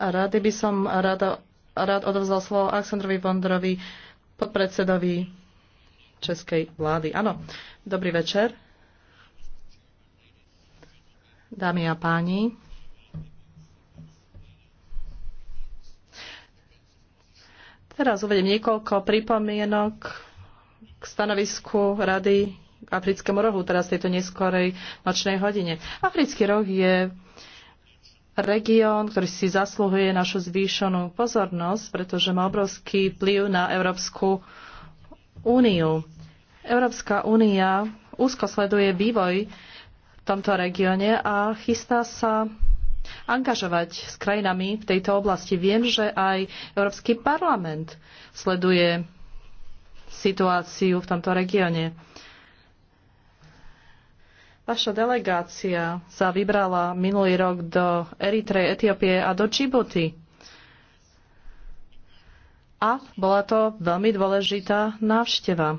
Rady by som rada, rád odovzal slovo Aleksandrovi Vondrovi, podpredsedovi Českej vlády. Áno, dobrý večer. Dámy a páni, Teraz uvedem niekoľko pripomienok k stanovisku Rady k africkému rohu, teraz v tejto neskorej nočnej hodine. Africký roh je región, ktorý si zasluhuje našu zvýšenú pozornosť, pretože má obrovský vplyv na Európsku úniu. Európska únia úzko sleduje vývoj v tomto regióne a chystá sa angažovať s krajinami v tejto oblasti. Viem, že aj Európsky parlament sleduje situáciu v tomto regióne. Vaša delegácia sa vybrala minulý rok do Eritreje, Etiópie a do Džibuty. A bola to veľmi dôležitá návšteva.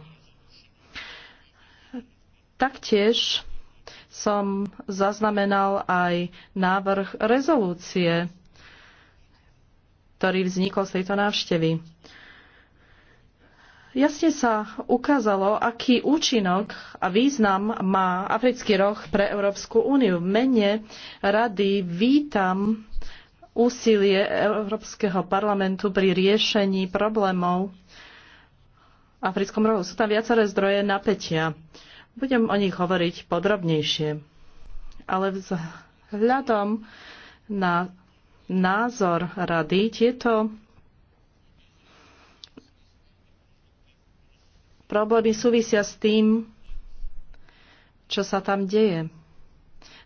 Taktiež som zaznamenal aj návrh rezolúcie, ktorý vznikol z tejto návštevy. Jasne sa ukázalo, aký účinok a význam má africký roh pre Európsku úniu. V mene rady vítam úsilie Európskeho parlamentu pri riešení problémov v africkom rohu. Sú tam viaceré zdroje napätia. Budem o nich hovoriť podrobnejšie. Ale vzhľadom na názor rady tieto Problémy súvisia s tým, čo sa tam deje.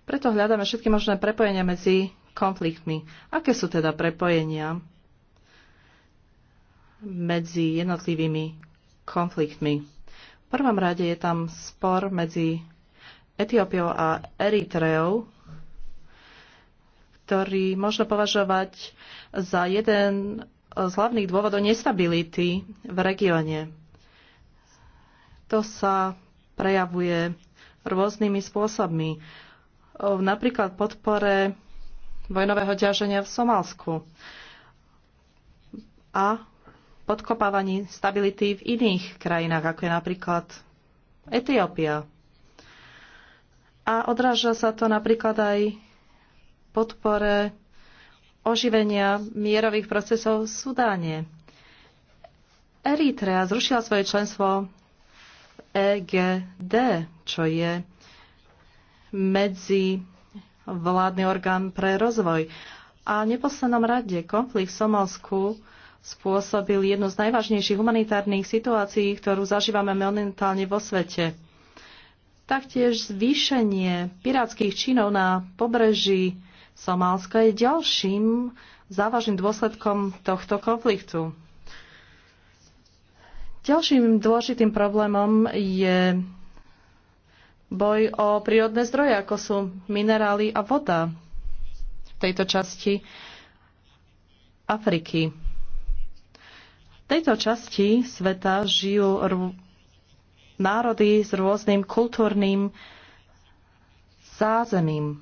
Preto hľadáme všetky možné prepojenia medzi konfliktmi. Aké sú teda prepojenia medzi jednotlivými konfliktmi? V prvom rade je tam spor medzi Etiópiou a Eritreou, ktorý možno považovať za jeden z hlavných dôvodov nestability v regióne. To sa prejavuje rôznymi spôsobmi. Napríklad podpore vojnového ťaženia v Somálsku a podkopávaní stability v iných krajinách, ako je napríklad Etiópia. A odráža sa to napríklad aj podpore oživenia mierových procesov v Sudáne. Eritrea zrušila svoje členstvo EGD, čo je medzi vládny orgán pre rozvoj. A v neposlednom rade konflikt v Somalsku spôsobil jednu z najvážnejších humanitárnych situácií, ktorú zažívame momentálne vo svete. Taktiež zvýšenie pirátskych činov na pobreží Somálska je ďalším závažným dôsledkom tohto konfliktu. Ďalším dôležitým problémom je boj o prírodné zdroje, ako sú minerály a voda v tejto časti Afriky. V tejto časti sveta žijú národy s rôznym kultúrnym zázemím.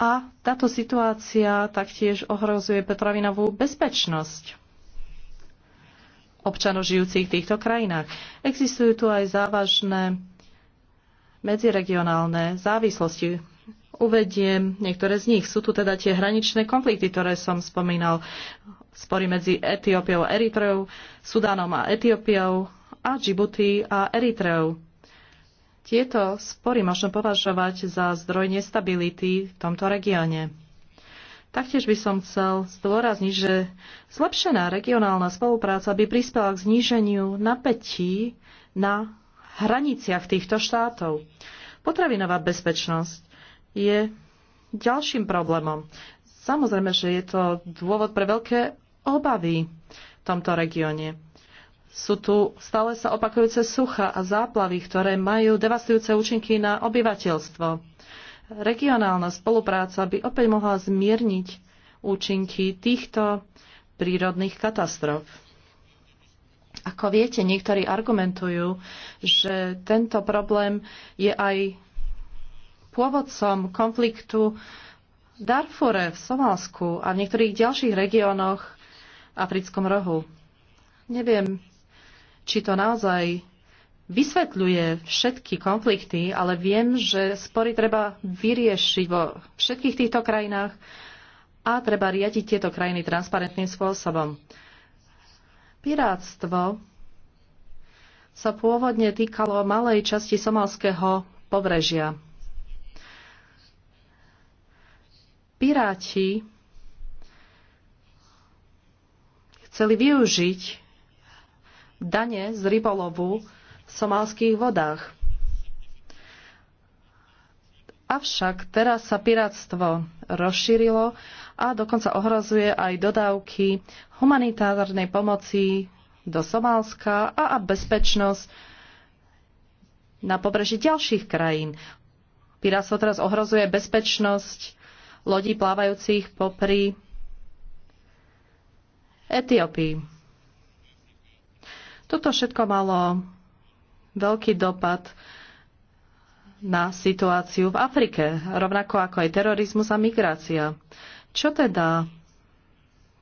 A táto situácia taktiež ohrozuje potravinovú bezpečnosť občanov žijúcich v týchto krajinách. Existujú tu aj závažné medziregionálne závislosti. Uvediem niektoré z nich. Sú tu teda tie hraničné konflikty, ktoré som spomínal. Spory medzi Etiópiou a Eritreou, Sudánom a Etiópiou a Džibuti a Eritreou. Tieto spory možno považovať za zdroj nestability v tomto regióne. Taktiež by som chcel zdôrazniť, že zlepšená regionálna spolupráca by prispela k zníženiu napätí na hraniciach týchto štátov. Potravinová bezpečnosť je ďalším problémom. Samozrejme, že je to dôvod pre veľké obavy v tomto regióne. Sú tu stále sa opakujúce sucha a záplavy, ktoré majú devastujúce účinky na obyvateľstvo. Regionálna spolupráca by opäť mohla zmierniť účinky týchto prírodných katastrof. Ako viete, niektorí argumentujú, že tento problém je aj pôvodcom konfliktu v Darfure, v Somálsku a v niektorých ďalších regiónoch Africkom rohu. Neviem, či to naozaj vysvetľuje všetky konflikty, ale viem, že spory treba vyriešiť vo všetkých týchto krajinách a treba riadiť tieto krajiny transparentným spôsobom. Piráctvo sa pôvodne týkalo malej časti somalského pobrežia. Piráti chceli využiť dane z rybolovu somálských vodách. Avšak teraz sa piráctvo rozšírilo a dokonca ohrozuje aj dodávky humanitárnej pomoci do Somálska a, a bezpečnosť na pobreží ďalších krajín. Piráctvo teraz ohrozuje bezpečnosť lodí plávajúcich popri Etiópii. Toto všetko malo veľký dopad na situáciu v Afrike, rovnako ako aj terorizmus a migrácia. Čo teda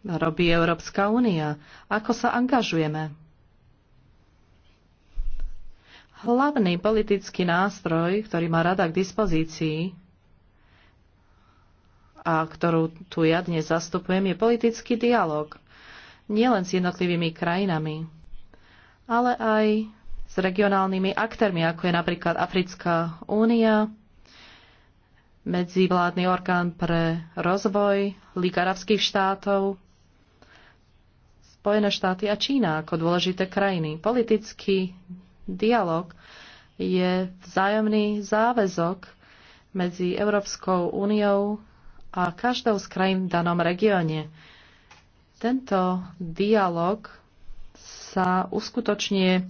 robí Európska únia? Ako sa angažujeme? Hlavný politický nástroj, ktorý má rada k dispozícii a ktorú tu ja dnes zastupujem, je politický dialog. Nielen s jednotlivými krajinami, ale aj s regionálnymi aktérmi, ako je napríklad Africká únia, medzivládny orgán pre rozvoj, Liga arabských štátov, Spojené štáty a Čína ako dôležité krajiny. Politický dialog je vzájomný záväzok medzi Európskou úniou a každou z krajín v danom regióne. Tento dialog sa uskutočne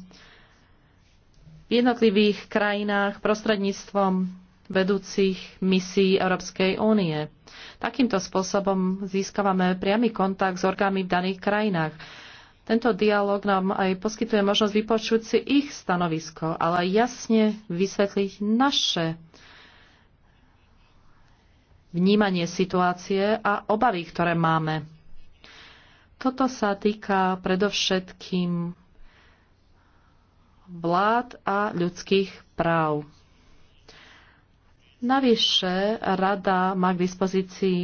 v jednotlivých krajinách prostredníctvom vedúcich misií Európskej únie. Takýmto spôsobom získavame priamy kontakt s orgánmi v daných krajinách. Tento dialog nám aj poskytuje možnosť vypočuť si ich stanovisko, ale jasne vysvetliť naše vnímanie situácie a obavy, ktoré máme. Toto sa týka predovšetkým vlád a ľudských práv. Navyše rada má k dispozícii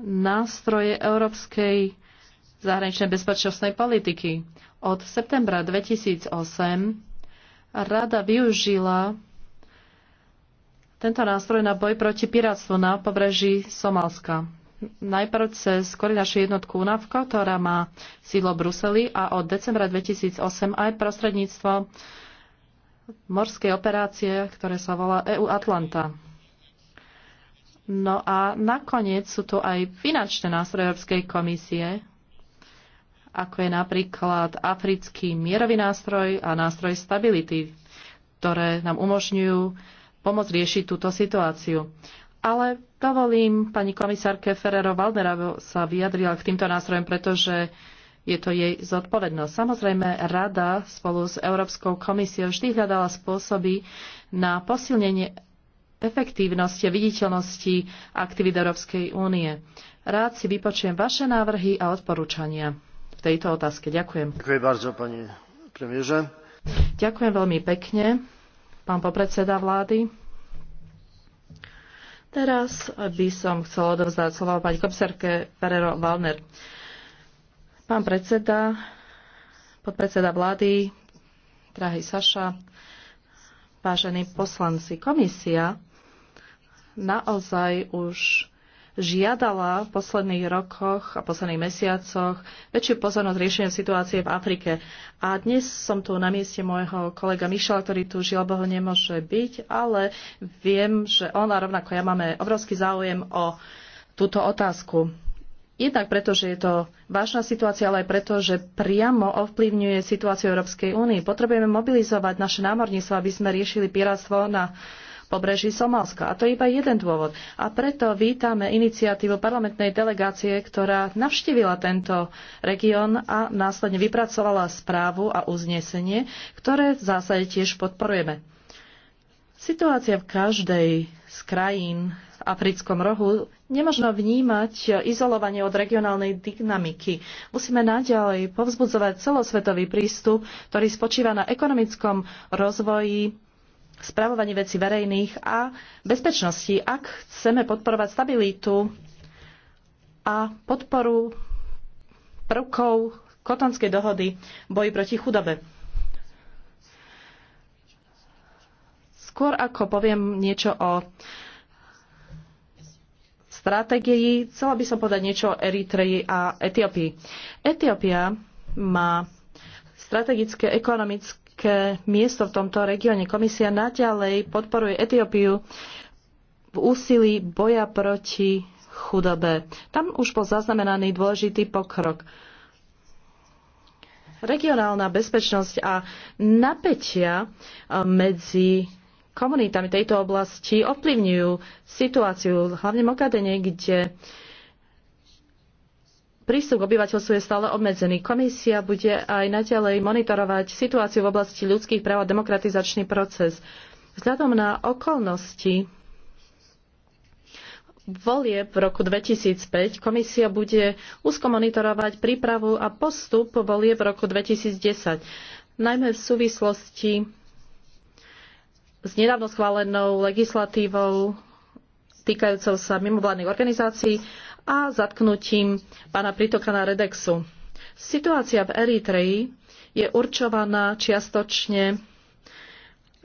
nástroje európskej zahraničnej bezpečnostnej politiky. Od septembra 2008 rada využila tento nástroj na boj proti piráctvu na pobreží Somalska najprv cez koordinačnú jednotku UNAVKO, ktorá má sídlo v Bruseli a od decembra 2008 aj prostredníctvom morskej operácie, ktoré sa volá EU Atlanta. No a nakoniec sú tu aj finančné nástroje Európskej komisie, ako je napríklad africký mierový nástroj a nástroj stability, ktoré nám umožňujú pomôcť riešiť túto situáciu. Ale dovolím pani komisárke Ferrero Valdnera sa vyjadrila k týmto nástrojom, pretože je to jej zodpovednosť. Samozrejme, Rada spolu s Európskou komisiou vždy hľadala spôsoby na posilnenie efektívnosti a viditeľnosti aktivít Európskej únie. Rád si vypočujem vaše návrhy a odporúčania v tejto otázke. Ďakujem. Ďakujem bardzo, pani premiére. Ďakujem veľmi pekne, pán popredseda vlády. Teraz by som chcela odovzdať slovo pani komisárke Ferrero Valner. Pán predseda, podpredseda vlády, drahý Saša, vážení poslanci, komisia naozaj už žiadala v posledných rokoch a posledných mesiacoch väčšiu pozornosť riešenia situácie v Afrike. A dnes som tu na mieste môjho kolega Mišela, ktorý tu bo ho nemôže byť, ale viem, že on a rovnako ja máme obrovský záujem o túto otázku. Jednak preto, že je to vážna situácia, ale aj preto, že priamo ovplyvňuje situáciu Európskej únie. Potrebujeme mobilizovať naše námorníctvo, aby sme riešili piráctvo na pobreží Somalska. A to je iba jeden dôvod. A preto vítame iniciatívu parlamentnej delegácie, ktorá navštívila tento región a následne vypracovala správu a uznesenie, ktoré v zásade tiež podporujeme. Situácia v každej z krajín v africkom rohu nemožno vnímať izolovanie od regionálnej dynamiky. Musíme naďalej povzbudzovať celosvetový prístup, ktorý spočíva na ekonomickom rozvoji spravovaní veci verejných a bezpečnosti. Ak chceme podporovať stabilitu a podporu prvkov kotonskej dohody boji proti chudobe. Skôr ako poviem niečo o stratégii, chcela by som povedať niečo o Eritreji a Etiópii. Etiópia má strategické, ekonomické veľké miesto v tomto regióne. Komisia naďalej podporuje Etiópiu v úsilí boja proti chudobe. Tam už bol zaznamenaný dôležitý pokrok. Regionálna bezpečnosť a napätia eh, medzi komunitami tejto oblasti ovplyvňujú situáciu, hlavne Mokadene, kde prístup k obyvateľstvu je stále obmedzený. Komisia bude aj naďalej monitorovať situáciu v oblasti ľudských práv a demokratizačný proces. Vzhľadom na okolnosti volie v roku 2005 komisia bude úzko monitorovať prípravu a postup volie v roku 2010, najmä v súvislosti s nedávno schválenou legislatívou týkajúcou sa mimovládnych organizácií a zatknutím pána na Redexu. Situácia v Eritreji je určovaná čiastočne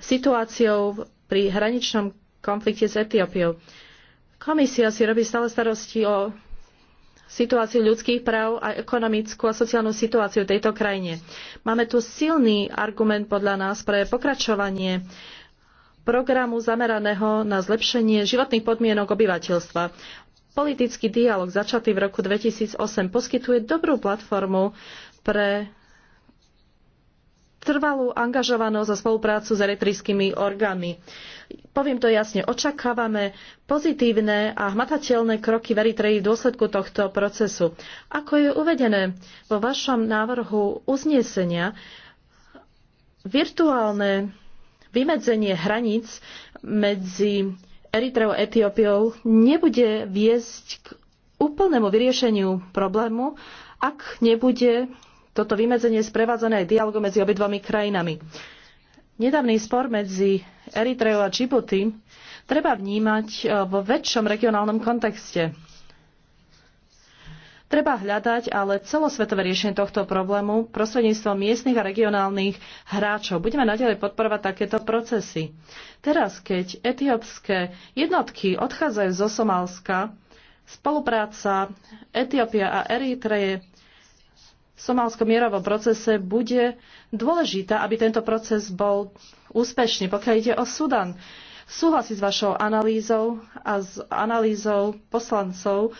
situáciou pri hraničnom konflikte s Etiópiou. Komisia si robí stále starosti o situáciu ľudských práv a ekonomickú a sociálnu situáciu v tejto krajine. Máme tu silný argument podľa nás pre pokračovanie programu zameraného na zlepšenie životných podmienok obyvateľstva. Politický dialog začatý v roku 2008 poskytuje dobrú platformu pre trvalú angažovanosť a spoluprácu s eritrijskými orgánmi. Poviem to jasne, očakávame pozitívne a hmatateľné kroky v Eritreji v dôsledku tohto procesu. Ako je uvedené vo vašom návrhu uznesenia, virtuálne vymedzenie hraníc medzi Eritreou a Etiópiou nebude viesť k úplnému vyriešeniu problému, ak nebude toto vymedzenie sprevádzané aj dialogom medzi obidvomi krajinami. Nedávny spor medzi Eritreou a Djibouti treba vnímať eh, vo väčšom regionálnom kontexte. Treba hľadať ale celosvetové riešenie tohto problému prostredníctvom miestnych a regionálnych hráčov. Budeme naďalej podporovať takéto procesy. Teraz, keď etiópske jednotky odchádzajú zo Somálska, spolupráca Etiópia a Eritreje v somálskom mierovom procese bude dôležitá, aby tento proces bol úspešný. Pokiaľ ide o Sudan, súhlasí s vašou analýzou a s analýzou poslancov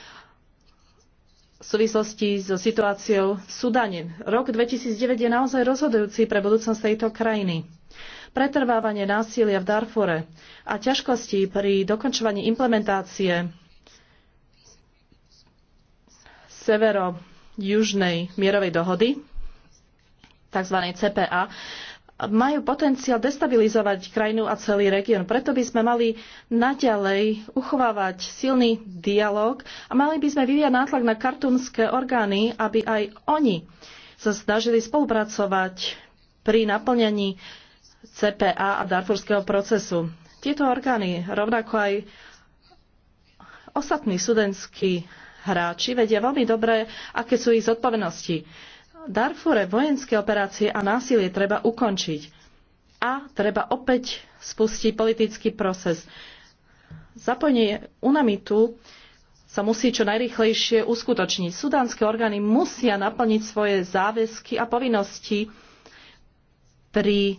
v súvislosti so situáciou v Sudane. Rok 2009 je naozaj rozhodujúci pre budúcnosť tejto krajiny. Pretrvávanie násilia v Darfure a ťažkosti pri dokončovaní implementácie severo-južnej mierovej dohody, tzv. CPA, majú potenciál destabilizovať krajinu a celý región. Preto by sme mali naďalej uchovávať silný dialog a mali by sme vyvíjať nátlak na kartúnske orgány, aby aj oni sa snažili spolupracovať pri naplňaní CPA a darfurského procesu. Tieto orgány, rovnako aj ostatní sudenskí hráči, vedia veľmi dobre, aké sú ich zodpovednosti Darfure vojenské operácie a násilie treba ukončiť. A treba opäť spustiť politický proces. Zapojenie UNAMITu sa musí čo najrychlejšie uskutočniť. Sudánske orgány musia naplniť svoje záväzky a povinnosti pri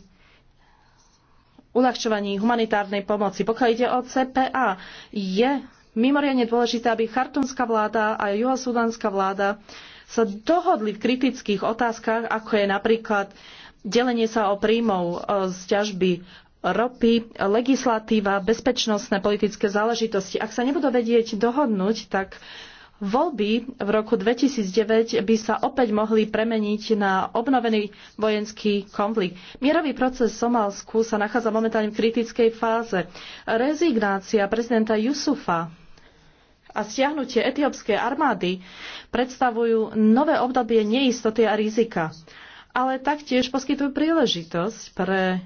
uľahčovaní humanitárnej pomoci. Pokiaľ ide o CPA, je mimoriadne dôležité, aby chartúnska vláda a juhosudánska vláda sa dohodli v kritických otázkach, ako je napríklad delenie sa o príjmov e, z ťažby ropy, legislatíva, bezpečnostné politické záležitosti. Ak sa nebudú vedieť dohodnúť, tak Voľby v roku 2009 by sa opäť mohli premeniť na obnovený vojenský konflikt. Mierový proces v Somálsku sa nachádza momentálne v kritickej fáze. Rezignácia prezidenta Jusufa a stiahnutie etiópskej armády predstavujú nové obdobie neistoty a rizika, ale taktiež poskytujú príležitosť pre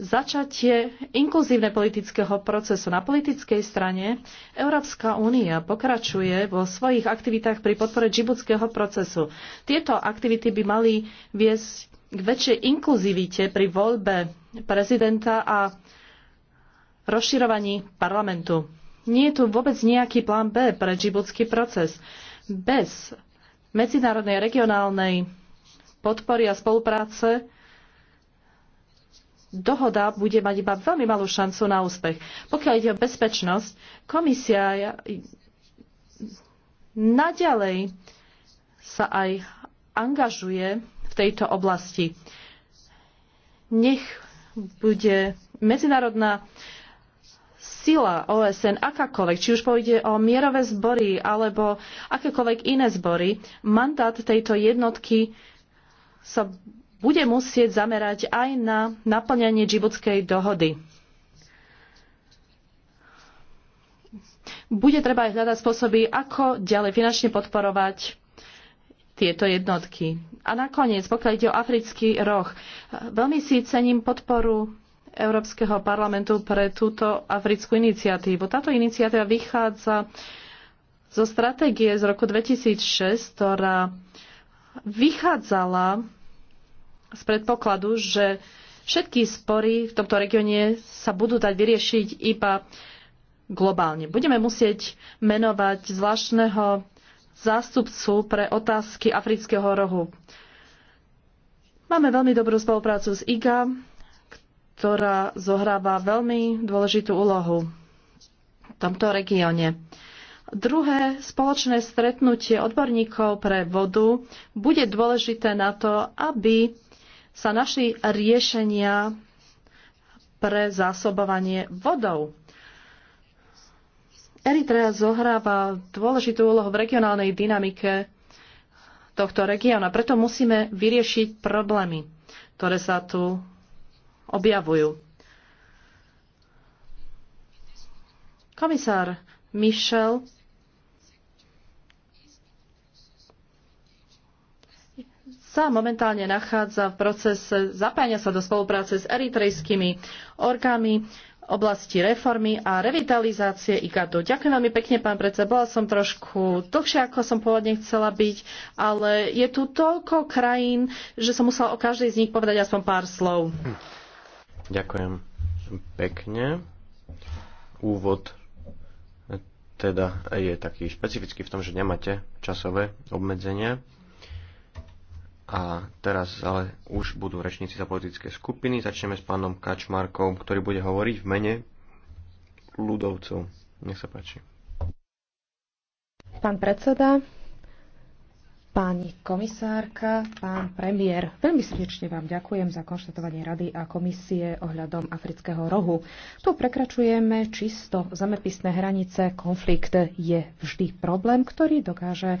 začatie inkluzívne politického procesu na politickej strane, Európska únia pokračuje vo svojich aktivitách pri podpore džibutského procesu. Tieto aktivity by mali viesť k väčšej inkluzivite pri voľbe prezidenta a rozširovaní parlamentu. Nie je tu vôbec nejaký plán B pre džibutský proces. Bez medzinárodnej regionálnej podpory a spolupráce dohoda bude mať iba veľmi malú šancu na úspech. Pokiaľ ide o bezpečnosť, komisia naďalej sa aj angažuje v tejto oblasti. Nech bude medzinárodná sila OSN akákoľvek, či už pôjde o mierové zbory alebo akékoľvek iné zbory, mandát tejto jednotky sa bude musieť zamerať aj na naplňanie džibutskej dohody. Bude treba aj hľadať spôsoby, ako ďalej finančne podporovať tieto jednotky. A nakoniec, pokiaľ ide o africký roh, veľmi si cením podporu Európskeho parlamentu pre túto africkú iniciatívu. Táto iniciatíva vychádza zo stratégie z roku 2006, ktorá vychádzala z predpokladu, že všetky spory v tomto regióne sa budú dať vyriešiť iba globálne. Budeme musieť menovať zvláštneho zástupcu pre otázky afrického rohu. Máme veľmi dobrú spoluprácu s IGA, ktorá zohráva veľmi dôležitú úlohu v tomto regióne. Druhé spoločné stretnutie odborníkov pre vodu bude dôležité na to, aby sa našli riešenia pre zásobovanie vodou. Eritrea zohráva dôležitú úlohu v regionálnej dynamike tohto regióna, preto musíme vyriešiť problémy, ktoré sa tu objavujú. Komisár Michel sa momentálne nachádza v procese zapájania sa do spolupráce s eritrejskými orgánmi oblasti reformy a revitalizácie IGADu. Ďakujem veľmi pekne, pán predseda. Bola som trošku dlhšia, ako som pôvodne chcela byť, ale je tu toľko krajín, že som musela o každej z nich povedať aspoň pár slov. Hm. Ďakujem pekne. Úvod eh, teda je taký špecifický v tom, že nemáte časové obmedzenia. A teraz ale už budú rečníci za politické skupiny. Začneme s pánom Kačmarkom, ktorý bude hovoriť v mene ľudovcov. Nech sa páči. Pán predseda, Pani komisárka, pán premiér, veľmi srdečne vám ďakujem za konštatovanie Rady a komisie ohľadom afrického rohu. Tu prekračujeme čisto zemepisné hranice. Konflikt je vždy problém, ktorý dokáže e,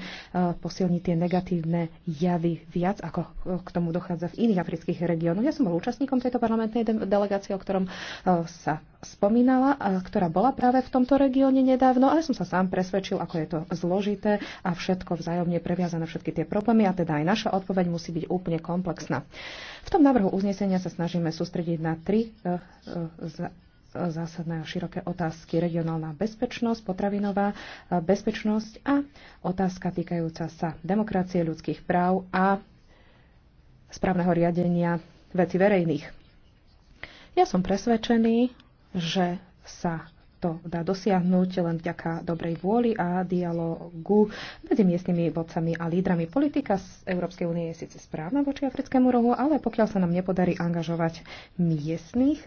posilniť tie negatívne javy viac, ako e, k tomu dochádza v iných afrických regiónoch. Ja som bol účastníkom tejto parlamentnej delegácie, o ktorom e, sa spomínala, ktorá bola práve v tomto regióne nedávno, ale som sa sám presvedčil, ako je to zložité a všetko vzájomne previazané, všetky tie problémy a teda aj naša odpoveď musí byť úplne komplexná. V tom návrhu uznesenia sa snažíme sústrediť na tri eh, eh, zásadné a široké otázky. Regionálna bezpečnosť, potravinová eh, bezpečnosť a otázka týkajúca sa demokracie, ľudských práv a správneho riadenia veci verejných. Ja som presvedčený, že sa to dá dosiahnuť len vďaka dobrej vôli a dialogu medzi miestnymi vodcami a lídrami. Politika z Európskej únie je síce správna voči africkému rohu, ale pokiaľ sa nám nepodarí angažovať miestnych,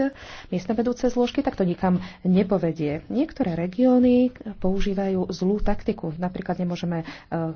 miestne vedúce zložky, tak to nikam nepovedie. Niektoré regióny používajú zlú taktiku. Napríklad nemôžeme e,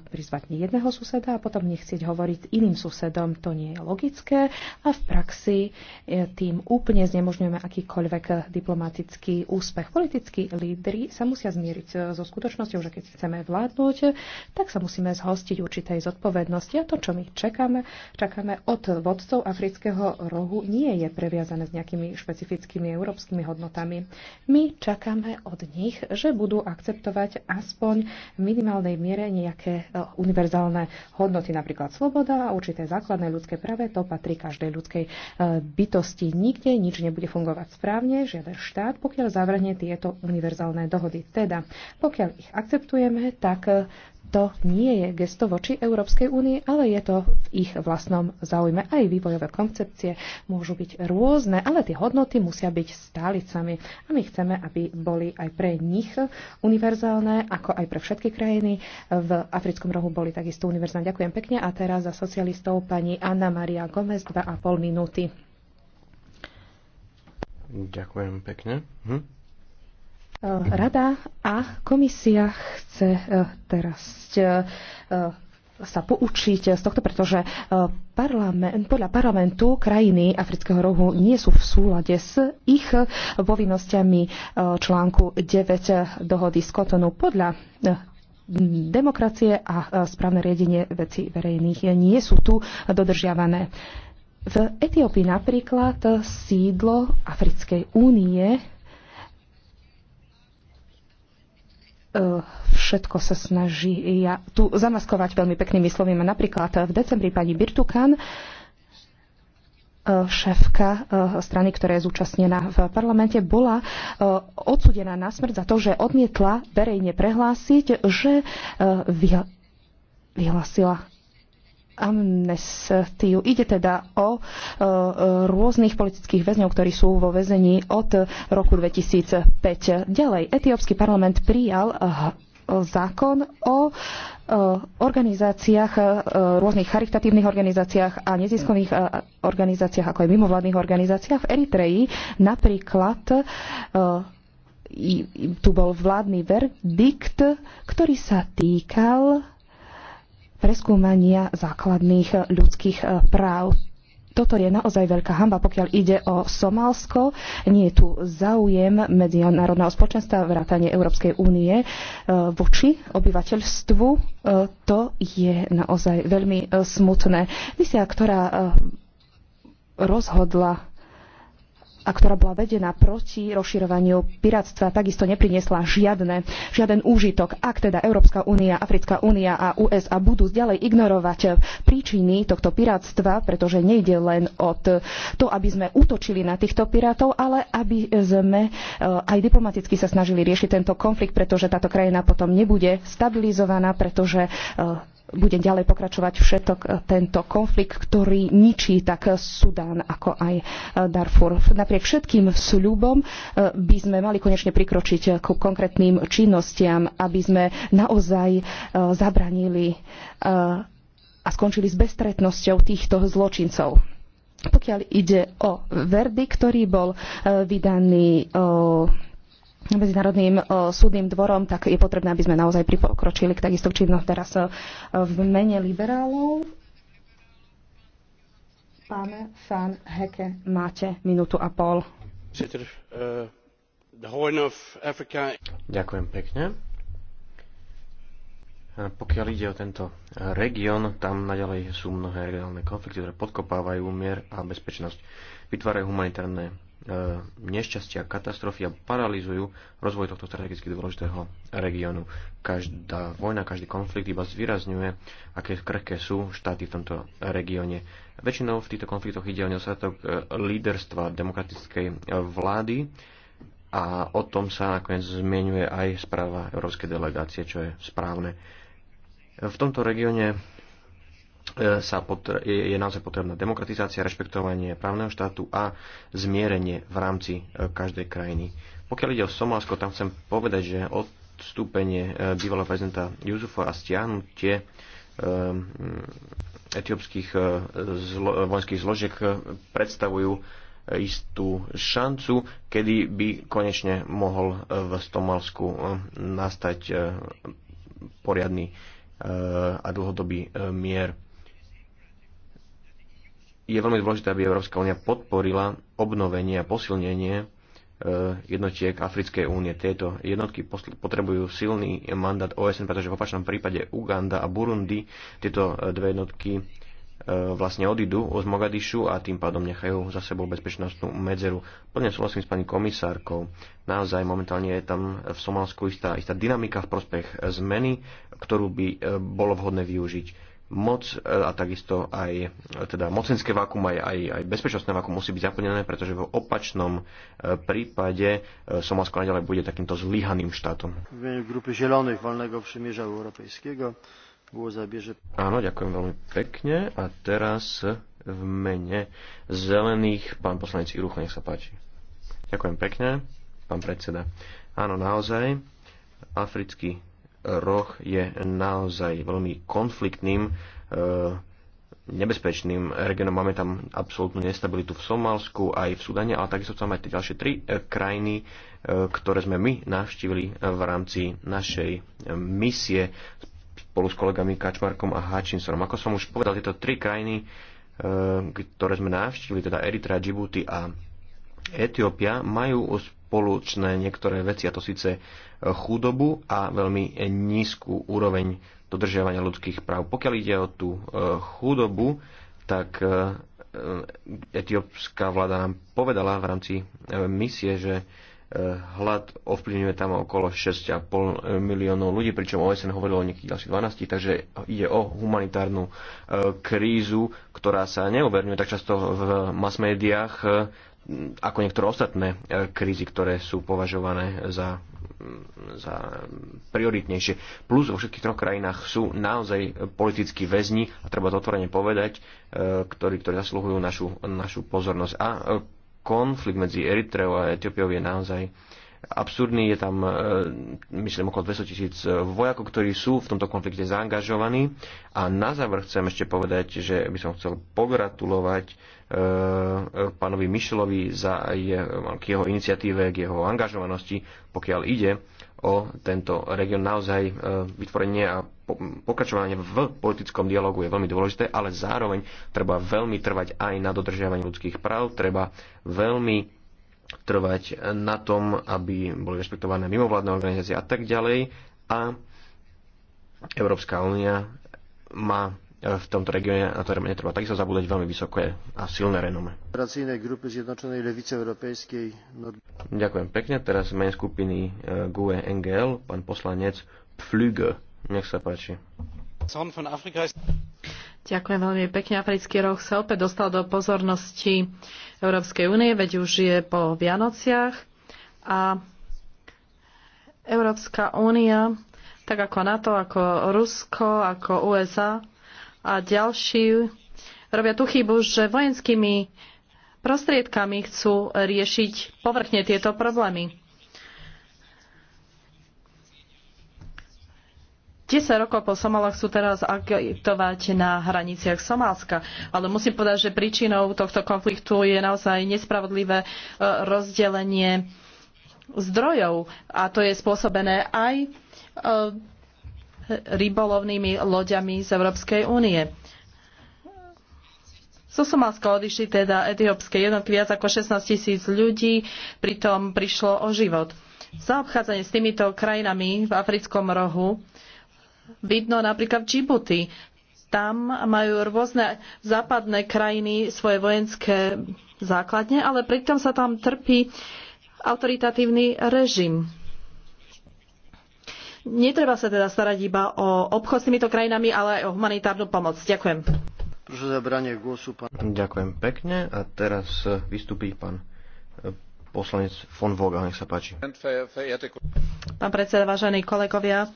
prizvať ni jedného suseda a potom nechcieť hovoriť iným susedom. To nie je logické a v praxi e, tým úplne znemožňujeme akýkoľvek diplomatický úspech. Politický politickí lídry sa musia zmieriť eh, so skutočnosťou, že keď chceme vládnuť, tak sa musíme zhostiť určitej zodpovednosti. A to, čo my čakáme, čakáme od vodcov afrického rohu, nie je previazané s nejakými špecifickými európskymi hodnotami. My čakáme od nich, že budú akceptovať aspoň v minimálnej miere nejaké eh, univerzálne hodnoty, napríklad sloboda a určité základné ľudské práve. To patrí každej ľudskej eh, bytosti. Nikde nič nebude fungovať správne, žiaden štát, pokiaľ zavrhne tieto univerzálne dohody. Teda, pokiaľ ich akceptujeme, tak eh, to nie je gesto voči Európskej únie, ale je to v ich vlastnom záujme. Aj vývojové koncepcie môžu byť rôzne, ale tie hodnoty musia byť stálicami. A my chceme, aby boli aj pre nich univerzálne, ako aj pre všetky krajiny. V africkom rohu boli takisto univerzálne. Ďakujem pekne. A teraz za socialistov pani Anna Maria Gomez, 2,5 minúty. Ďakujem pekne. Hm? Eh, rada a komisia chce eh, teraz eh, sa poučiť z tohto, pretože parlament, podľa parlamentu krajiny Afrického rohu nie sú v súlade s ich povinnosťami článku 9 dohody z Kotonu. Podľa demokracie a správne riadenie veci verejných nie sú tu dodržiavané. V Etiópii napríklad sídlo Africkej únie E, všetko sa snaží ja tu zamaskovať veľmi peknými slovami. Napríklad v decembri pani Birtukan, e, šéfka e, strany, ktorá je zúčastnená v parlamente, bola odsudená na smrť za to, že odmietla verejne prehlásiť, že vyhlásila amnestiu. Ide teda o rôznych politických väzňov, ktorí sú vo väzení od roku 2005. Ďalej, etiópsky parlament prijal eh, zákon o eh, organizáciách, eh, rôznych charitatívnych organizáciách a neziskových organizáciách, ako aj mimovládnych organizáciách v Eritreji. Napríklad tu bol vládny verdikt, ktorý sa týkal preskúmania základných eh, ľudských eh, práv. Toto je naozaj veľká hamba, pokiaľ ide o Somálsko. Nie je tu záujem medzinárodného spoločenstva vrátanie Európskej únie eh, voči obyvateľstvu. To je naozaj veľmi smutné. Misia, ktorá rozhodla a ktorá bola vedená proti rozširovaniu piratstva, takisto nepriniesla žiadne, žiaden úžitok. Ak teda Európska únia, Africká únia a USA budú ďalej ignorovať príčiny tohto piratstva, pretože nejde len o to, aby sme útočili na týchto pirátov, ale aby sme eh, aj diplomaticky sa snažili riešiť tento konflikt, pretože táto krajina potom nebude stabilizovaná, pretože eh, bude ďalej pokračovať všetok eh, tento konflikt, ktorý ničí tak Sudán ako aj eh, Darfur. Napriek všetkým sľubom eh, by sme mali konečne prikročiť k konkrétnym činnostiam, aby sme naozaj zabranili a skončili s bestretnosťou týchto zločincov. Pokiaľ ide o verdy, ktorý bol vydaný Medzinárodným e, súdnym dvorom, tak je potrebné, aby sme naozaj pripokročili k takisto činnom teraz e, v mene liberálov. Pán Fan Heke, máte minútu a pol. Ďakujem pekne. Pokiaľ ide o tento región, tam naďalej sú mnohé regionálne konflikty, ktoré podkopávajú mier a bezpečnosť, vytvárajú humanitárne E, nešťastia, katastrofy a paralizujú rozvoj tohto strategicky dôležitého regiónu. Každá vojna, každý konflikt iba zvýrazňuje, aké krhké sú štáty v tomto regióne. Väčšinou v týchto konfliktoch ide o nedostatok e, líderstva demokratickej e, vlády a o tom sa nakoniec zmienuje aj správa Európskej delegácie, čo je správne. V tomto regióne E, sa je, naozaj potrebná demokratizácia, rešpektovanie právneho štátu a zmierenie v rámci e, každej krajiny. Pokiaľ ide o Somálsko, tam chcem povedať, že odstúpenie e, bývalého prezidenta Jusufa a stiahnutie etiópskych zlo- vojenských zložiek predstavujú istú šancu, kedy by konečne mohol v Somálsku nastať poriadny a dlhodobý mier je veľmi dôležité, aby Európska únia podporila obnovenie a posilnenie e, jednotiek Africkej únie. Tieto jednotky potrebujú silný mandát OSN, pretože v opačnom prípade Uganda a Burundi tieto e, dve jednotky e, vlastne odídu z Mogadišu a tým pádom nechajú za sebou bezpečnostnú medzeru. Plne súhlasím s pani komisárkou. Naozaj momentálne je tam v Somálsku istá, istá dynamika v prospech zmeny, ktorú by bolo vhodné využiť moc e, a takisto aj e, teda mocenské vákum, aj, aj, aj bezpečnostné vákum musí byť zaplnené, pretože v opačnom e, prípade Somalsko naďalej bude takýmto zlyhaným štátom. V grupy Želených voľného przymierza Európejského głos Áno, ďakujem veľmi pekne a teraz v mene Zelených pán poslanec Irucho, nech sa páči. Ďakujem pekne, pán predseda. Áno, naozaj, africký roh je naozaj veľmi konfliktným, e, nebezpečným regionom. Máme tam absolútnu nestabilitu v Somálsku aj v Sudane, ale takisto tam aj tie ďalšie tri e, krajiny, e, ktoré sme my navštívili v rámci našej misie spolu s kolegami Kačmarkom a Hutchinsonom. Ako som už povedal, tieto tri krajiny, ktoré sme navštívili, teda Eritrea, Djibouti a Etiópia, majú spoločné niektoré veci, a to síce chudobu a veľmi nízku úroveň dodržiavania ľudských práv. Pokiaľ ide o tú e, chudobu, tak e, e, etiópska vláda nám povedala v rámci misie, že Eh, hlad ovplyvňuje tam okolo 6,5 eh, miliónov ľudí, pričom OSN hovorilo o nejakých ďalších 12, takže ide o humanitárnu eh, krízu, ktorá sa neuverňuje tak často v mass médiách ako niektoré ostatné krízy, ktoré sú považované za, mm, za prioritnejšie. Plus vo všetkých troch krajinách sú naozaj politickí väzni, a treba to otvorene povedať, ktorí, ktorí zasluhujú našu, našu pozornosť. A konflikt medzi Eritreou a Etiópiou je naozaj absurdný. Je tam, e, myslím, okolo 200 tisíc vojakov, ktorí sú v tomto konflikte zaangažovaní. A na záver chcem ešte povedať, že by som chcel pogratulovať e, e, pánovi Mišelovi za jeho, k jeho iniciatíve, k jeho angažovanosti, pokiaľ ide o tento región. Naozaj vytvorenie a pokračovanie v politickom dialogu je veľmi dôležité, ale zároveň treba veľmi trvať aj na dodržiavaní ľudských práv, treba veľmi trvať na tom, aby boli rešpektované mimovládne organizácie a tak ďalej. A Európska únia má v tomto regióne, na ktoré netreba takisto zabúdať, veľmi vysoké a silné renome. Grupy Zjednočenej Levice Európejskej. Ďakujem pekne. Teraz menej skupiny eh, GUE NGL, pán poslanec Pflüge. Nech sa páči. Ďakujem veľmi pekne. Africký roh sa opäť dostal do pozornosti Európskej únie, veď už je po Vianociach. A Európska únia, tak ako NATO, ako Rusko, ako USA a ďalší, robia tú chybu, že vojenskými prostriedkami chcú riešiť povrchne tieto problémy. 10 rokov po Somaloch sú teraz agitovať na hraniciach Somálska. Ale musím povedať, že príčinou tohto konfliktu je naozaj nespravodlivé e, rozdelenie zdrojov. A to je spôsobené aj e, rybolovnými loďami z Európskej únie. Zo Somálska odišli teda etiópske jednotky viac ako 16 tisíc ľudí, pritom prišlo o život. Zaobchádzanie s týmito krajinami v africkom rohu vidno napríklad v Džibuti. Tam majú rôzne západné krajiny svoje vojenské základne, ale pritom sa tam trpí autoritatívny režim. Netreba sa teda starať iba o obchod s týmito krajinami, ale aj o humanitárnu pomoc. Ďakujem. Ďakujem pekne. A teraz vystupí pán poslanec von Vogel. Nech sa páči. Pán predseda, vážení kolegovia,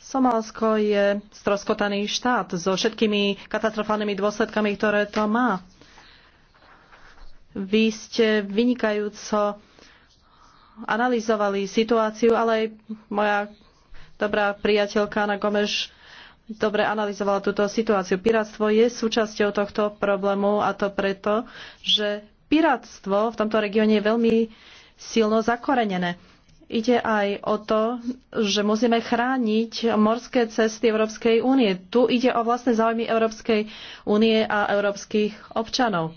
Somálsko je stroskotaný štát so všetkými katastrofálnymi dôsledkami, ktoré to má. Vy ste vynikajúco analyzovali situáciu, ale aj moja dobrá priateľka Ana Gomeš dobre analyzovala túto situáciu. Piráctvo je súčasťou tohto problému a to preto, že piráctvo v tomto regióne je veľmi silno zakorenené. Ide aj o to, že musíme chrániť morské cesty Európskej únie. Tu ide o vlastné záujmy Európskej únie a európskych občanov.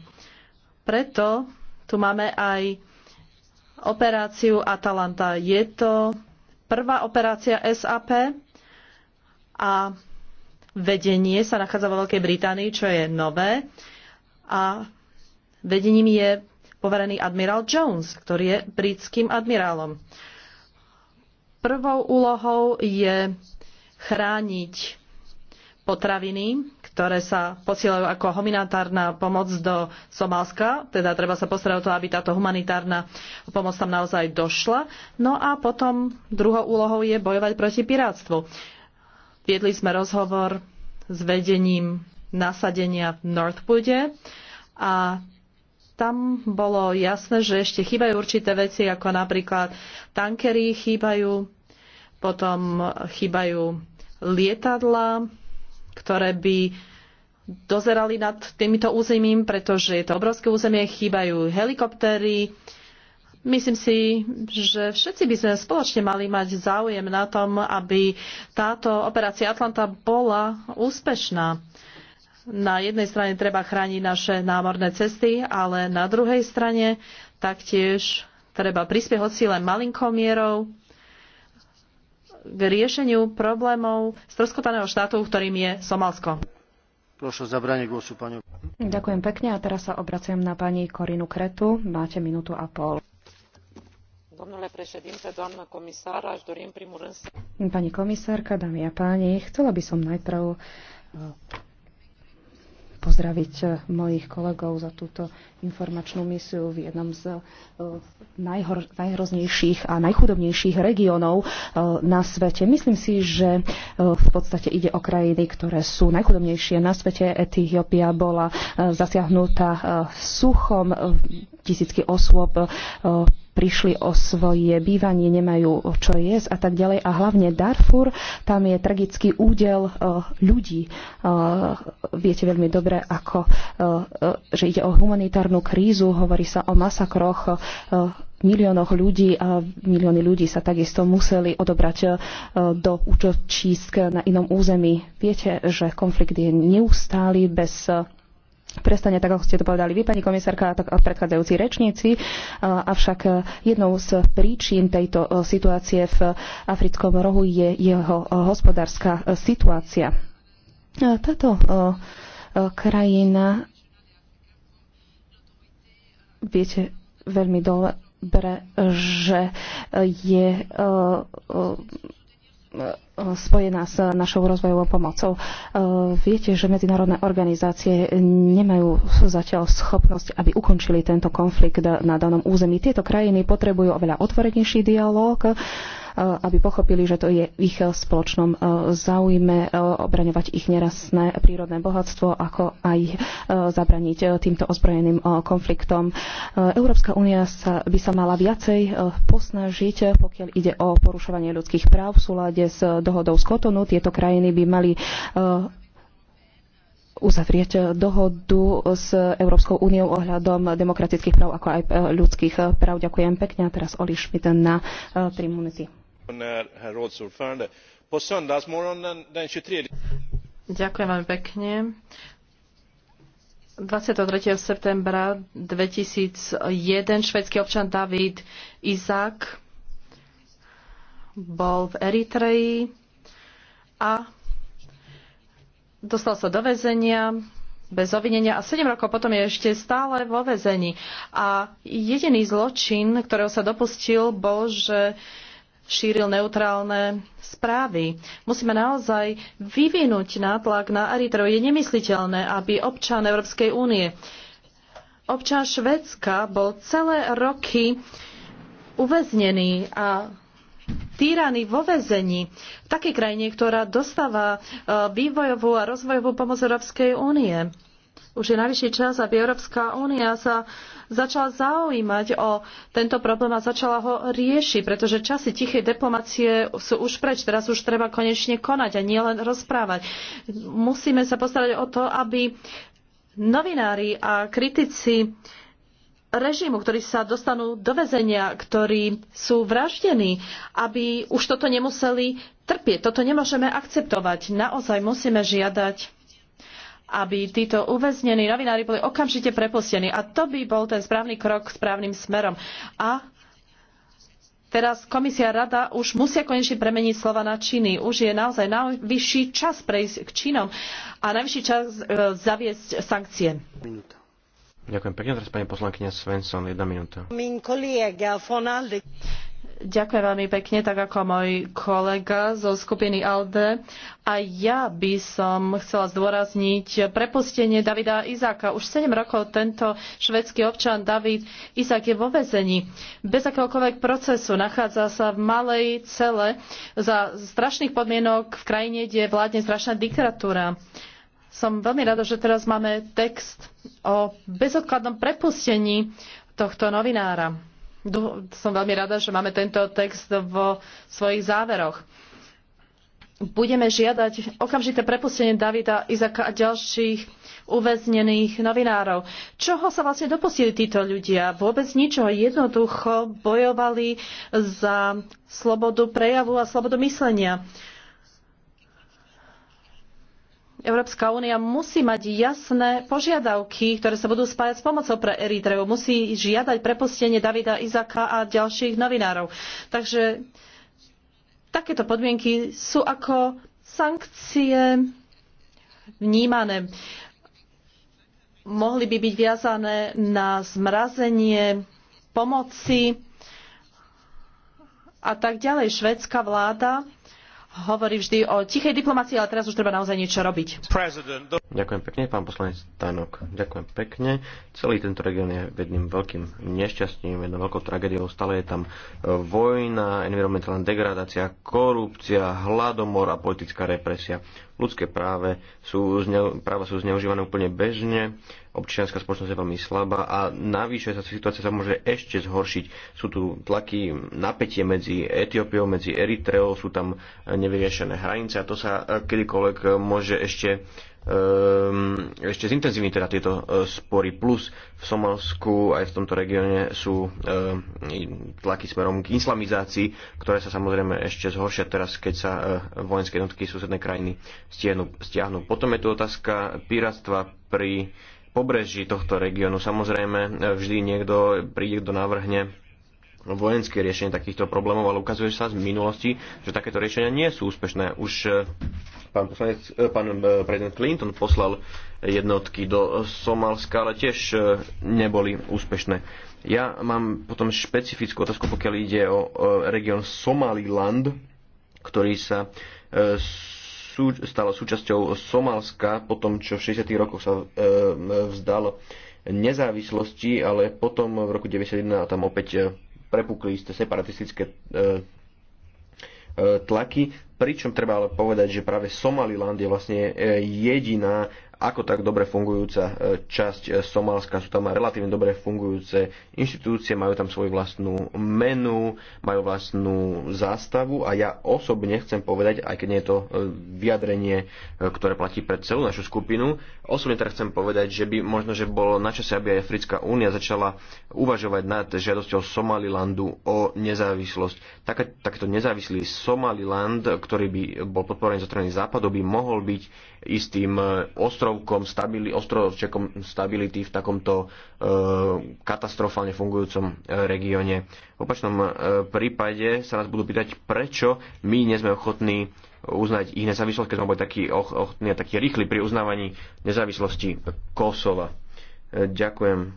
Preto tu máme aj operáciu Atalanta. Je to prvá operácia SAP a vedenie sa nachádza vo Veľkej Británii, čo je nové. A vedením je poverený admirál Jones, ktorý je britským admirálom. Prvou úlohou je chrániť potraviny, ktoré sa posielajú ako humanitárna pomoc do Somálska. Teda treba sa postarať o to, aby táto humanitárna pomoc tam naozaj došla. No a potom druhou úlohou je bojovať proti pirátstvu. Viedli sme rozhovor s vedením nasadenia v Northwoode a tam bolo jasné, že ešte chýbajú určité veci, ako napríklad tankery, chýbajú potom chýbajú lietadla, ktoré by dozerali nad týmito územím, pretože je to obrovské územie, chýbajú helikoptéry. Myslím si, že všetci by sme spoločne mali mať záujem na tom, aby táto operácia Atlanta bola úspešná. Na jednej strane treba chrániť naše námorné cesty, ale na druhej strane taktiež treba prispieť hoci len malinkou mierou k riešeniu problémov stroskotaného štátu, ktorým je Somalsko. Głosu, Ďakujem pekne a teraz sa na pani Korinu Kretu. Máte minútu a pol. Domnule primul rând... Pani komisárka, dámy a páni, chcela by som najprv pozdraviť eh, mojich kolegov za túto informačnú misiu v jednom z eh, najhor, najhroznejších a najchudobnejších regiónov eh, na svete. Myslím si, že v podstate ide o krajiny, ktoré sú najchudobnejšie na svete. Etiópia bola zasiahnutá suchom, tisícky osôb prišli o svoje bývanie, nemajú čo jesť a tak ďalej. A hlavne Darfur, tam je tragický údel e, ľudí. E, viete veľmi dobre, ako, e, že ide o humanitárnu krízu, hovorí sa o masakroch miliónoch ľudí a milióny ľudí sa takisto museli odobrať do útočísk na inom území. Viete, že konflikt je neustály bez prestane tak, ako ste to povedali vy, pani komisárka, tak predchádzajúci rečníci. Avšak e, jednou z príčin tejto e, situácie v africkom rohu je jeho e, hospodárska situácia. Táto krajina, viete veľmi dobre, že je spojená s našou rozvojovou pomocou. E, viete, že medzinárodné organizácie nemajú zatiaľ schopnosť, aby ukončili tento konflikt na danom území. Tieto krajiny potrebujú oveľa otvorenejší dialog Eh, aby pochopili, že to je v ich spoločnom eh, záujme eh, obraňovať ich nerastné prírodné bohatstvo, ako aj zabraniť týmto ozbrojeným konfliktom. Európska únia sa, by sa mala viacej posnažiť, pokiaľ ide o porušovanie ľudských práv v súlade s dohodou z Kotonu. Tieto krajiny by mali uzavrieť dohodu s Európskou úniou ohľadom demokratických práv ako aj ľudských práv. Ďakujem pekne. A teraz Oli Schmidt na tri minúty. Ďakujem veľmi pekne. 23. septembra 2001 švedský občan David Izák bol v Eritreji a dostal sa do väzenia bez ovinenia a 7 rokov potom je ešte stále vo väzení. A jediný zločin, ktorého sa dopustil, bol, že šíril neutrálne správy. Musíme naozaj vyvinúť nátlak na Eritreu. Je nemysliteľné, aby občan Európskej únie, občan Švedska bol celé roky uväznený a týraný vo väzení v takej krajine, ktorá dostáva e, vývojovú a rozvojovú pomoc Európskej únie. Už je najvyšší čas, aby Európska únia sa začala zaujímať o tento problém a začala ho riešiť, pretože časy tichej diplomacie sú už preč. Teraz už treba konečne konať a nielen rozprávať. Musíme sa postarať o to, aby novinári a kritici režimu, ktorí sa dostanú do väzenia, ktorí sú vraždení, aby už toto nemuseli trpieť. Toto nemôžeme akceptovať. Naozaj musíme žiadať aby títo uväznení novinári boli okamžite prepustení. A to by bol ten správny krok správnym smerom. A Teraz komisia rada už musia konečne premeniť slova na činy. Už je naozaj najvyšší čas prejsť k činom a najvyšší čas e, zaviesť sankcie. Minúta. Ďakujem pekne, teraz pani poslankyňa Svensson, jedna minúta. Ďakujem veľmi pekne, tak ako môj kolega zo skupiny ALDE. A ja by som chcela zdôrazniť prepustenie Davida Izáka. Už 7 rokov tento švedský občan David Izák je vo vezení. Bez akéhokoľvek procesu nachádza sa v malej cele za strašných podmienok v krajine, kde vládne strašná diktatúra. Som veľmi rada, že teraz máme text o bezodkladnom prepustení tohto novinára. Som veľmi rada, že máme tento text vo svojich záveroch. Budeme žiadať okamžité prepustenie Davida Izaka a ďalších uväznených novinárov. Čoho sa vlastne dopustili títo ľudia? Vôbec ničoho. Jednoducho bojovali za slobodu prejavu a slobodu myslenia. Európska únia musí mať jasné požiadavky, ktoré sa budú spájať s pomocou pre Eritreu. Musí žiadať prepustenie Davida Izaka a ďalších novinárov. Takže takéto podmienky sú ako sankcie vnímané. Mohli by byť viazané na zmrazenie pomoci a tak ďalej. Švedská vláda hovorí vždy o tichej diplomácii, ale teraz už treba naozaj niečo robiť. Ďakujem pekne, pán poslanec Tanok. Ďakujem pekne. Celý tento región je jedným veľkým nešťastím, jednou veľkou tragédiou. Stále je tam e, vojna, environmentálna degradácia, korupcia, hladomor a politická represia. Ľudské práve sú, práva sú zneužívané úplne bežne občianská spoločnosť je veľmi slabá a navyše sa situácia sa môže ešte zhoršiť. Sú tu tlaky, napätie medzi Etiópiou, medzi Eritreou, sú tam nevyriešené hranice a to sa e, kedykoľvek môže ešte ehm, ešte zintenzívni teda tieto e, spory. Plus v Somalsku aj v tomto regióne sú e, tlaky smerom k islamizácii, ktoré sa samozrejme ešte zhoršia teraz, keď sa vojenské jednotky susednej krajiny stiahnu. Potom je tu otázka piratstva pri pobreží tohto regiónu. Samozrejme, vždy niekto príde, kto navrhne vojenské riešenie takýchto problémov, ale ukazuje sa z minulosti, že takéto riešenia nie sú úspešné. Už eh, pán, poslanec, eh, pán eh, prezident Clinton poslal jednotky do Somalska, ale tiež neboli úspešné. Ja mám potom špecifickú otázku, pokiaľ ide o región Somaliland, ktorý sa sú, stalo súčasťou Somálska potom, čo v 60. rokoch sa e, vzdalo nezávislosti, ale potom v roku 91 tam opäť e, prepukli isté separatistické e, e, tlaky, pričom treba ale povedať, že práve Somaliland je vlastne e, jediná ako tak dobre fungujúca e, časť e, Somálska. Sú tam relatívne dobre fungujúce inštitúcie, majú tam svoju vlastnú menu, majú vlastnú zástavu a ja osobne chcem povedať, aj keď nie je to e, vyjadrenie, ktoré platí pre celú našu skupinu, osobne teraz chcem povedať, že by možno, že bolo na čase, aby aj Africká únia začala uvažovať nad žiadosťou Somalilandu o nezávislosť. Taká, nezávislý Somaliland, ktorý by bol podporený zo strany západu, by mohol byť istým e, ostrovkom, stabili, ostrovčekom stability v takomto e, katastrofálne fungujúcom e, regióne. V opačnom e, prípade sa nás budú pýtať, prečo my nie sme ochotní uznať ich nezávislosť, keď sme boli takí ochotní a takí rýchli pri uznávaní nezávislosti Kosova. E, ďakujem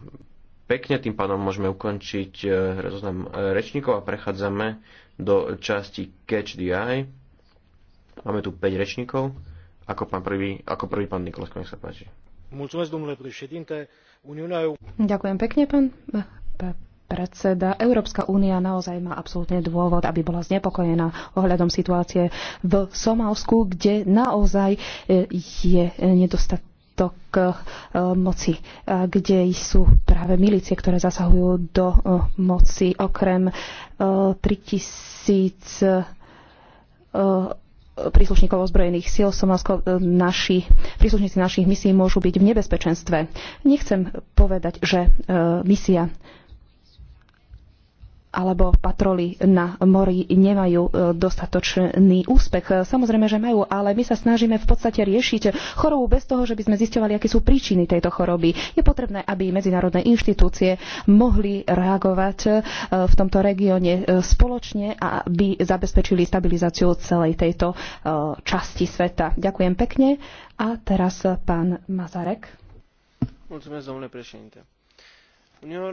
pekne, tým pádom môžeme ukončiť e, e rečníkov a prechádzame do časti Catch the Eye. Máme tu 5 rečníkov. Ako, pán prvý, ako prvý pán Nikolas, nech sa páči. Ďakujem pekne, pán predseda. Európska únia naozaj má absolútne dôvod, aby bola znepokojená ohľadom situácie v Somálsku, kde naozaj eh, je nedostatok k eh, moci, kde sú práve milície, ktoré zasahujú do eh, moci. Okrem 3000 príslušníkov ozbrojených síl Somalsko, e, naši, príslušníci našich misií môžu byť v nebezpečenstve. Nechcem povedať, že e, misia alebo patroly na mori nemajú e, dostatočný úspech. Samozrejme, že majú, ale my sa snažíme v podstate riešiť chorobu bez toho, že by sme zistovali, aké sú príčiny tejto choroby. Je potrebné, aby medzinárodné inštitúcie mohli reagovať e, v tomto regióne e, spoločne a aby zabezpečili stabilizáciu celej tejto časti sveta. Ďakujem pekne. A teraz pán Mazarek. Mulțumesc, domnule președinte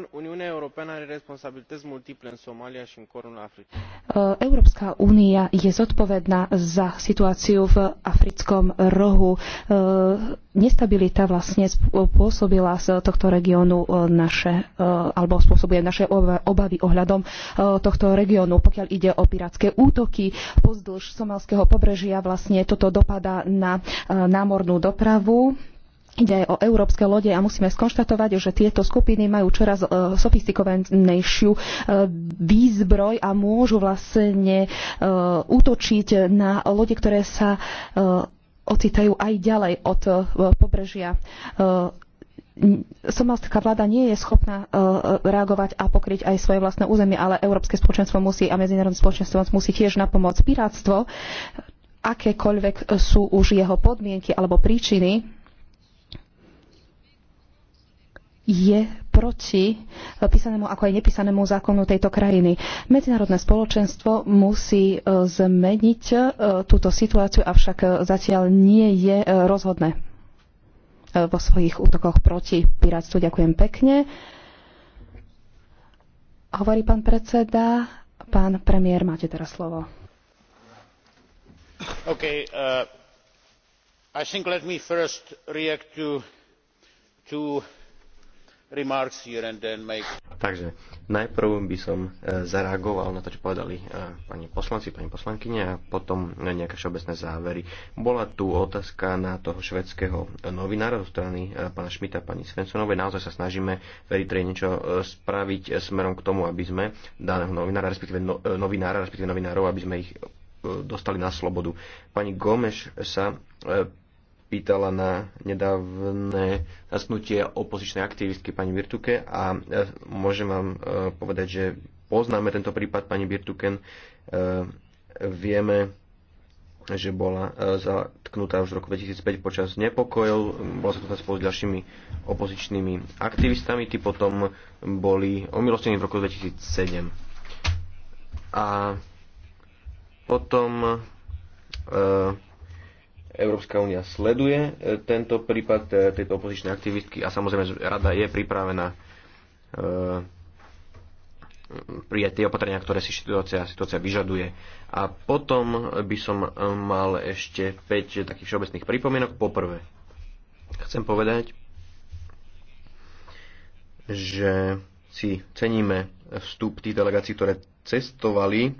uniunea europeană are responsabilități multiple în somalia și în cornul africii. Európska únia je zodpovedná za situáciu v africkom rohu. Nestabilita vlastne spôsobila z tohto regiónu naše, alebo spôsobuje naše obavy ohľadom tohto regiónu. Pokiaľ ide o pirátske útoky pozdĺž somalského pobrežia, vlastne toto dopadá na námornú dopravu Ide aj o európske lode a musíme skonštatovať, že tieto skupiny majú čoraz e, sofistikovanejšiu e, výzbroj a môžu vlastne e, útočiť na lode, ktoré sa ocitajú aj ďalej od pobrežia somalská vláda nie je schopná reagovať a pokryť aj svoje vlastné územie, ale Európske spoločenstvo musí a medzinárodné spoločenstvo musí tiež napomôcť. Pirátstvo, akékoľvek sú už jeho podmienky alebo príčiny, je proti písanému ako aj nepísanému zákonu tejto krajiny. Medzinárodné spoločenstvo musí e, zmeniť e, túto situáciu, avšak e, zatiaľ nie je rozhodné vo svojich útokoch proti pirátstvu. Ďakujem pekne. Hovorí pán predseda. Pán premiér, máte teraz slovo. Okay, uh, I think let me first react to, to Takže najprv by som e, zareagoval na to, čo povedali e, pani poslanci, pani poslankyne a potom nejaké všeobecné závery. Bola tu otázka na toho švedského novinára zo strany e, pána Šmita a pani Svensonovej. Naozaj sa snažíme v Eritre niečo spraviť smerom k tomu, aby sme daného novinára, respektíve no, novinára, respektíve novinárov, aby sme ich dostali na slobodu. Pani Gomeš sa pýtala na nedávne zasnutie opozičnej aktivistky pani Birtuke a e, môžem vám e, povedať, že poznáme tento prípad pani Birtuken. E, vieme, že bola zatknutá už v roku 2005 počas nepokojov, bola zatknutá spolu s ďalšími opozičnými aktivistami, tí potom boli omilostení v roku 2007. A potom Európska únia sleduje e, tento prípad e, tejto opozičnej aktivistky a samozrejme rada je pripravená e, prijať tie opatrenia, ktoré si situácia, situácia vyžaduje. A potom by som mal ešte 5 takých všeobecných pripomienok. Poprvé, chcem povedať, že si ceníme vstup tých delegácií, ktoré cestovali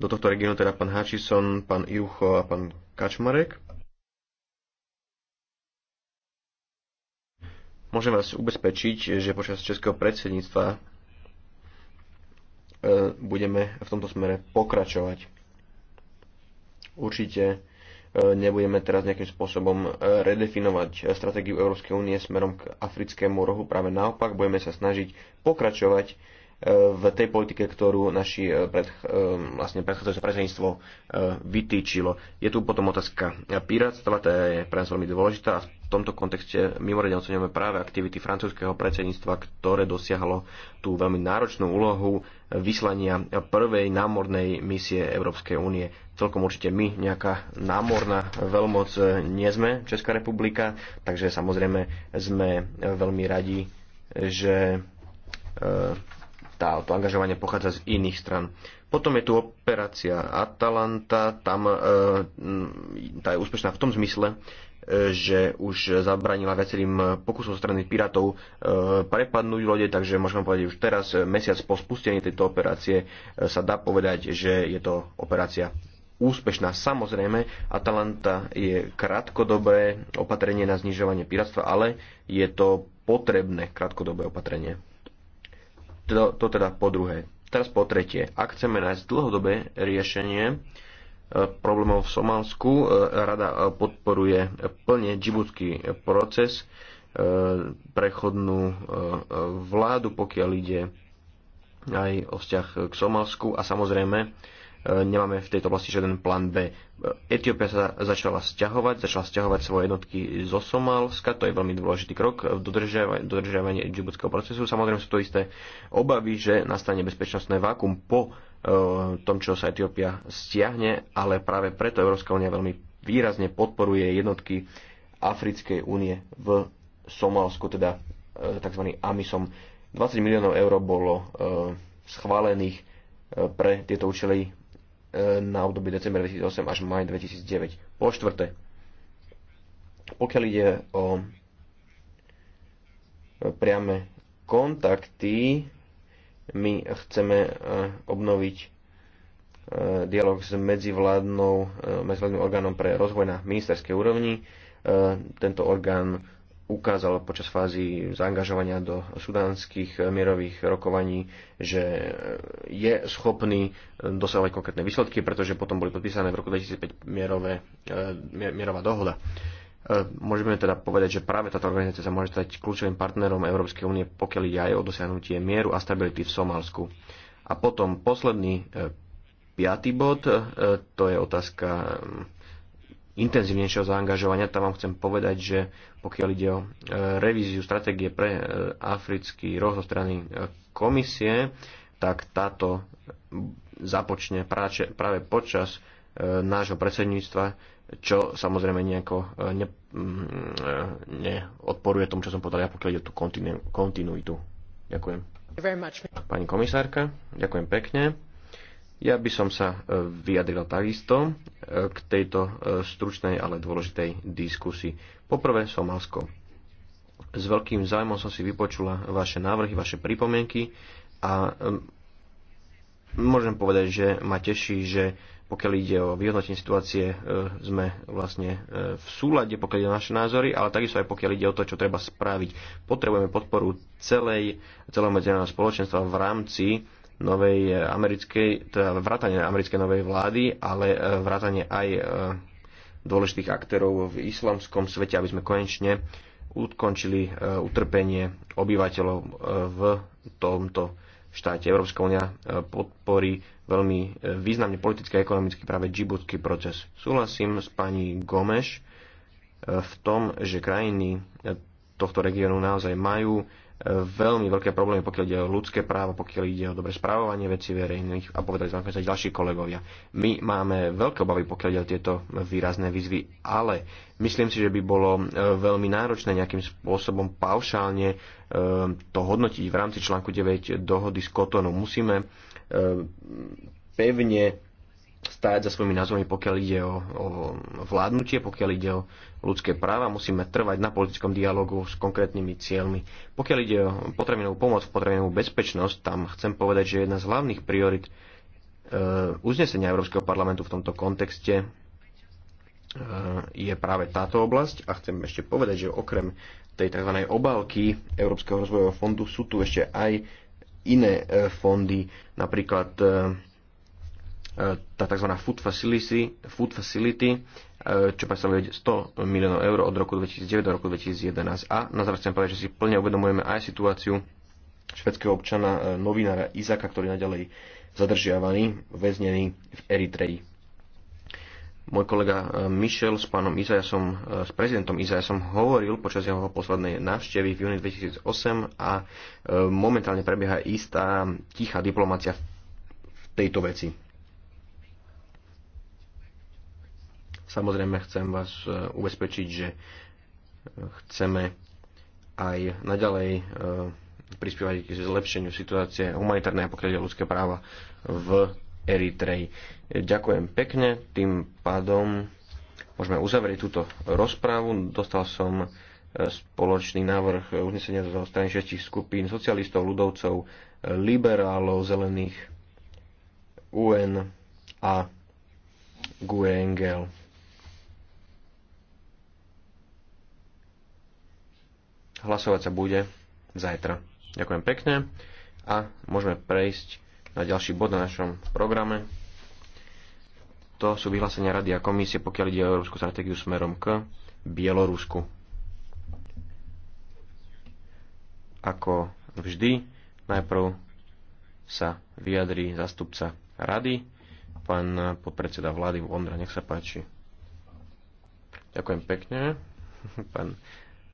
do tohto regiónu, teda pán Hutchison, pán Jucho a pán Kačmarek. Môžem vás ubezpečiť, že počas českého predsedníctva e, budeme v tomto smere pokračovať. Určite e, nebudeme teraz nejakým spôsobom e, redefinovať stratégiu Európskej únie smerom k africkému rohu. Práve naopak, budeme sa snažiť pokračovať v tej politike, ktorú naši eh, pred, eh, vlastne predchádzajúce predsedníctvo eh, vytýčilo. Je tu potom otázka piráctva, tá je pre nás veľmi dôležitá a v tomto kontexte mimoriadne oceňujeme práve aktivity francúzského predsedníctva, ktoré dosiahlo tú veľmi náročnú úlohu vyslania prvej námornej misie Európskej únie. Celkom určite my, nejaká námorná veľmoc, nie sme Česká republika, takže samozrejme sme veľmi radi, že tá, to angažovanie pochádza z iných stran. Potom je tu operácia Atalanta, tam e, mm, tá je úspešná v tom zmysle, e, že už zabranila viacerým pokusom strany pirátov e, prepadnúť lode, takže môžeme povedať už teraz, e, mesiac po spustení tejto operácie, e, sa dá povedať, že je to operácia úspešná. Samozrejme, Atalanta je krátkodobé opatrenie na znižovanie piratstva, ale je to potrebné krátkodobé opatrenie. To, to teda po druhé. Teraz po tretie. Ak chceme nájsť dlhodobé riešenie e, problémov v Somálsku, e, rada e, podporuje plne džibutský proces, prechodnú vládu, pokiaľ ide aj o vzťah k Somálsku a samozrejme E, nemáme v tejto oblasti žiaden plán B. E, Etiópia sa začala stiahovať, začala stiahovať svoje jednotky zo Somálska, to je veľmi dôležitý krok v dodržiavaní, džibutského procesu. Samozrejme sú to isté obavy, že nastane bezpečnostné vákum po e, tom, čo sa Etiópia stiahne, ale práve preto Európska únia veľmi výrazne podporuje jednotky Africkej únie v Somálsku, teda tzv. AMISOM. 20 miliónov eur bolo schválených pre tieto účely na obdobie december 2008 až maj 2009. Po štvrté, pokiaľ ide o priame kontakty, my chceme e, obnoviť e, dialog s medzivládnou, e, medzivládnym orgánom pre rozvoj na ministerskej úrovni. Tento orgán ukázalo počas fázy zaangažovania do sudánskych mierových rokovaní, že je schopný dosahovať konkrétne výsledky, pretože potom boli podpísané v roku 2005 mierové, e, mierová dohoda. E, môžeme teda povedať, že práve táto organizácia sa môže stať kľúčovým partnerom Európskej únie, pokiaľ ide aj o dosiahnutie mieru a stability v Somálsku. A potom posledný e, piatý bod, to je otázka intenzívnejšieho zaangažovania. Tam vám chcem povedať, že pokiaľ ide o e, revíziu stratégie pre e, africký roh zo strany e, komisie, tak táto započne práve počas nášho predsedníctva, čo samozrejme nejako ne, neodporuje tomu, čo som povedal, ja pokiaľ ide o tú kontinu, kontinuitu. Ďakujem. Pani komisárka, ďakujem pekne. Ja by som sa e, vyjadril takisto e, k tejto e, stručnej, ale dôležitej diskusii. Poprvé Somalsko. S veľkým zájmom som si vypočula vaše návrhy, vaše pripomienky a môžem povedať, že ma teší, že pokiaľ ide o vyhodnotenie situácie, sme vlastne v súlade, pokiaľ ide o naše názory, ale takisto aj pokiaľ ide o to, čo treba spraviť. Potrebujeme podporu celej, celého medzinárodného spoločenstva v rámci novej eh, americkej, teda vrátanie americkej novej vlády, ale eh, vrátanie aj eh, dôležitých aktérov v islamskom svete, aby sme konečne ukončili utrpenie obyvateľov v tomto štáte. Európska únia podporí veľmi významne politický a ekonomický, práve džibutský proces. Súhlasím s pani Gomeš v tom, že krajiny tohto regiónu naozaj majú veľmi veľké problémy, pokiaľ ide o ľudské právo, pokiaľ ide o dobre správovanie vecí verejných a povedali sme sa ďalší kolegovia. My máme veľké obavy, pokiaľ ide o tieto výrazné výzvy, ale myslím si, že by bolo e, veľmi náročné nejakým spôsobom paušálne e, to hodnotiť v rámci článku 9 dohody z Kotonu. Musíme e, pevne stáť za svojimi názvami, pokiaľ ide o, o vládnutie, pokiaľ ide o ľudské práva, musíme trvať na politickom dialogu s konkrétnymi cieľmi. Pokiaľ ide o potrebnú pomoc, potrebnú bezpečnosť, tam chcem povedať, že jedna z hlavných priorit e, uznesenia Európskeho parlamentu v tomto kontexte e, je práve táto oblasť a chcem ešte povedať, že okrem tej tzv. obálky Európskeho rozvojového fondu sú tu ešte aj iné e, fondy, napríklad e, tá tzv. food facility, food facility e, čo predstavuje 100 miliónov eur od roku 2009 do roku 2011. A na záver chcem povedať, že si plne uvedomujeme aj situáciu švedského občana, e, novinára Izaka, ktorý naďalej zadržiavaný, väznený v Eritreji. Môj kolega e, Michel s pánom Izajasom, s prezidentom Izajasom hovoril počas jeho poslednej návštevy v júni 2008 a momentálne prebieha istá tichá diplomácia v tejto veci Samozrejme chcem vás e, ubezpečiť, že e, chceme aj naďalej e, prispievať k zlepšeniu situácie humanitárnej a ľudské práva v Eritreji. Ďakujem pekne, tým pádom môžeme uzavrieť túto rozprávu. Dostal som spoločný návrh uznesenia zo strany šestich skupín socialistov, ľudovcov, liberálov, zelených, UN a GUE Hlasovať sa bude zajtra. Ďakujem pekne a môžeme prejsť na ďalší bod na našom programe. To sú vyhlásenia Rady a komisie, pokiaľ ide o európsku stratégiu smerom k Bielorusku. Ako vždy, najprv sa vyjadrí zastupca Rady, pán podpredseda vlády Vondra, nech sa páči. Ďakujem pekne, pán